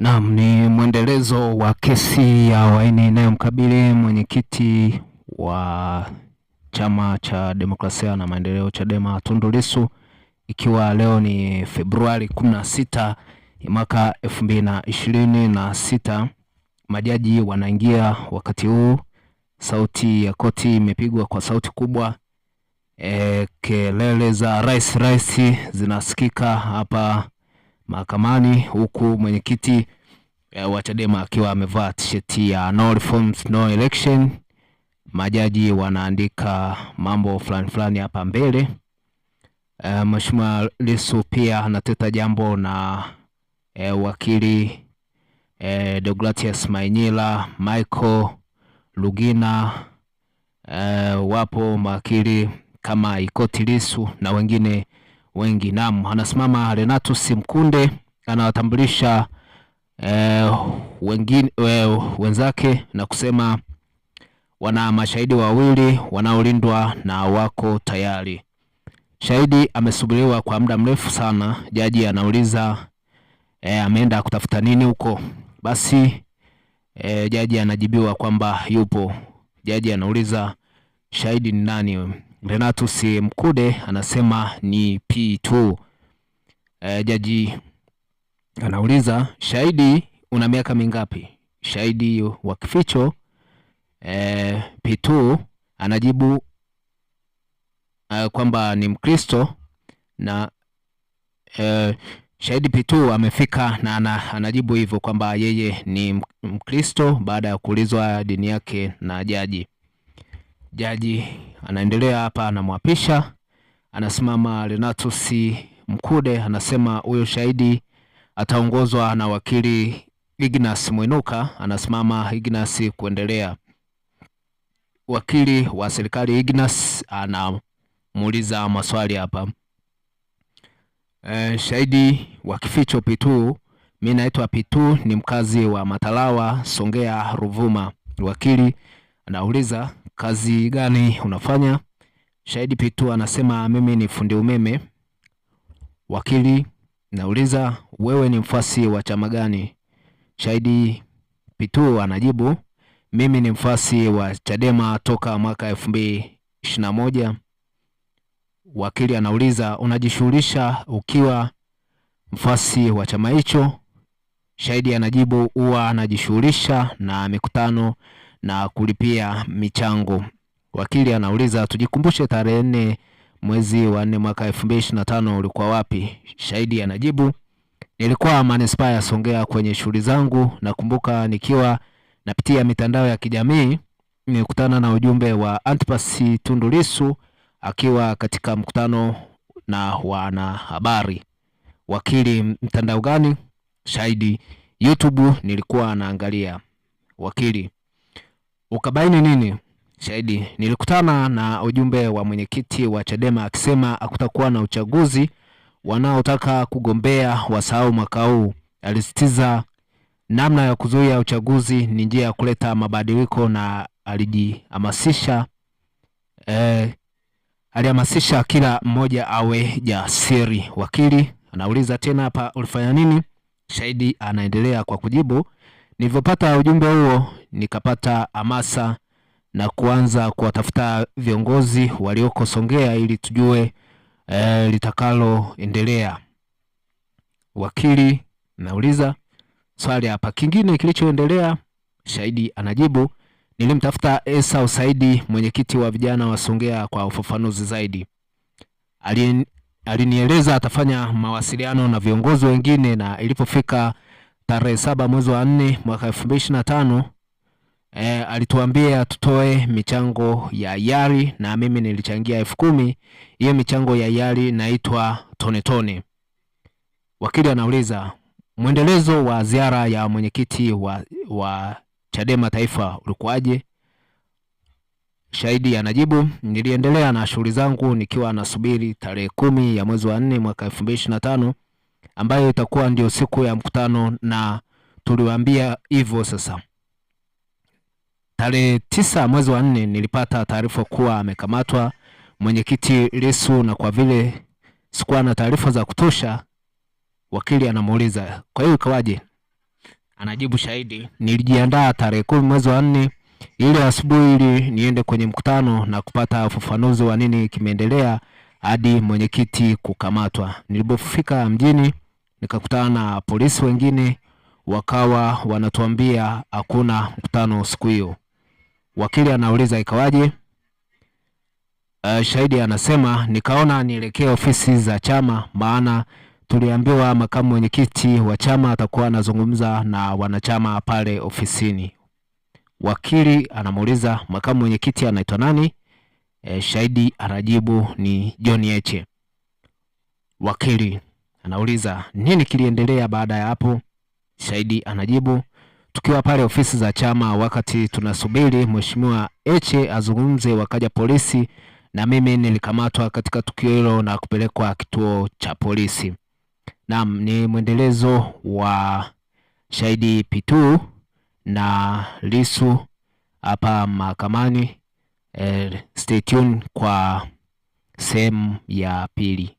Naam, ni mwendelezo wa kesi ya waini inayomkabili mwenyekiti wa Chama cha Demokrasia na Maendeleo Chadema Tundu Lissu, ikiwa leo ni Februari 16 mwaka sita Majaji wanaingia wakati huu, sauti ya koti imepigwa kwa sauti kubwa. E, kelele za rais rais zinasikika hapa mahakamani, huku mwenyekiti eh, wa Chadema akiwa amevaa tisheti ya no reforms no election. Majaji wanaandika mambo fulani fulani hapa mbele. E, Mheshimiwa Lissu pia anateta jambo na e, wakili e, Deogratias Mainyila, Michael Lugina e, wapo mawakili kama Ikoti Lissu na wengine wengi. Naam, anasimama Renato Simkunde anawatambulisha eh, wengine we, eh, wenzake na kusema wana mashahidi wawili wanaolindwa na wako tayari. Shahidi amesubiriwa kwa muda mrefu sana. Jaji anauliza eh, ameenda kutafuta nini huko? Basi eh, jaji anajibiwa kwamba yupo. Jaji anauliza shahidi ni nani? Renatus Mkude anasema ni P2. E, eh, jaji anauliza shahidi una miaka mingapi? Shahidi wa kificho e, eh, P2 anajibu e, kwamba ni Mkristo na e, shahidi P2 amefika na ana, anajibu hivyo kwamba yeye ni Mkristo baada ya kuulizwa dini yake na jaji. Jaji anaendelea hapa, anamwapisha, anasimama Renatus Mkude, anasema huyo shahidi ataongozwa na wakili Ignas Mwinuka. Anasimama Ignas kuendelea. Wakili wa serikali Ignas anamuuliza maswali hapa. E, shahidi wa kificho P2, mimi naitwa P2, ni mkazi wa Matalawa, Songea, Ruvuma. Wakili anauliza kazi gani unafanya? Shahidi Pitu anasema mimi ni fundi umeme. Wakili nauliza wewe ni mfasi wa chama gani? Shahidi Pitu anajibu mimi ni mfasi wa Chadema toka mwaka 2021. Wakili anauliza unajishughulisha ukiwa mfasi wa chama hicho? Shahidi anajibu huwa anajishughulisha na mikutano na kulipia michango. Wakili anauliza tujikumbushe, tarehe nne mwezi wa nne mwaka elfu mbili ishirini na tano ulikuwa wapi? Shahidi anajibu nilikuwa manispaa ya Songea kwenye shughuli zangu. Nakumbuka nikiwa napitia mitandao ya kijamii nilikutana na ujumbe wa Antipas Tundu Lissu akiwa katika mkutano na wanahabari. Wakili, mtandao gani? Shahidi, YouTube nilikuwa naangalia. Wakili, Ukabaini nini? Shahidi, nilikutana na ujumbe wa mwenyekiti wa Chadema akisema hakutakuwa na uchaguzi, wanaotaka kugombea wasahau mwaka huu. Alisitiza namna ya kuzuia uchaguzi ni njia ya kuleta mabadiliko na alijihamasisha eh, alihamasisha kila mmoja awe jasiri. Wakili anauliza tena hapa, ulifanya nini? Shahidi anaendelea kwa kujibu, nilivyopata ujumbe huo nikapata hamasa na kuanza kuwatafuta viongozi walioko Songea ili tujue e, litakaloendelea. Wakili nauliza swali hapa, kingine kilichoendelea? Shahidi anajibu nilimtafuta Esa Usaidi, mwenyekiti wa vijana wa Songea kwa ufafanuzi zaidi. alinieleza atafanya mawasiliano na viongozi wengine, na ilipofika tarehe saba mwezi wa nne mwaka elfu mbili ishirini na tano e, alituambia tutoe michango ya yari na mimi nilichangia elfu kumi. Hiyo michango ya yari naitwa tonetone. Wakili anauliza mwendelezo wa ziara ya mwenyekiti wa, wa Chadema taifa ulikuwaje? Shahidi anajibu niliendelea na shughuli zangu nikiwa nasubiri tarehe kumi ya mwezi wa nne mwaka elfu mbili ishirini na tano ambayo itakuwa ndio siku ya mkutano, na tuliwaambia hivyo. Sasa Tarehe tisa mwezi wa nne nilipata taarifa kuwa amekamatwa mwenyekiti Lissu, na kwa vile sikuwa na taarifa za kutosha, wakili anamuuliza kwa hiyo ikawaje? Anajibu shahidi, nilijiandaa tarehe kumi mwezi wa nne ili asubuhi ili niende kwenye mkutano na kupata ufafanuzi wa nini kimeendelea hadi mwenyekiti kukamatwa. Nilipofika mjini nikakutana na polisi wengine, wakawa wanatuambia hakuna mkutano siku hiyo. Wakili anauliza ikawaje? Uh, shahidi anasema nikaona nielekee ofisi za chama, maana tuliambiwa makamu mwenyekiti wa chama atakuwa anazungumza na wanachama pale ofisini. Wakili anamuuliza makamu mwenyekiti anaitwa nani? E, shahidi anajibu ni John Heche. Wakili anauliza nini kiliendelea baada ya hapo? Shahidi anajibu tukiwa pale ofisi za chama, wakati tunasubiri mheshimiwa Heche azungumze, wakaja polisi na mimi nilikamatwa katika tukio hilo na kupelekwa kituo cha polisi. Naam, ni mwendelezo wa shahidi Pitu na Lissu hapa mahakamani. Eh, stay tuned kwa sehemu ya pili.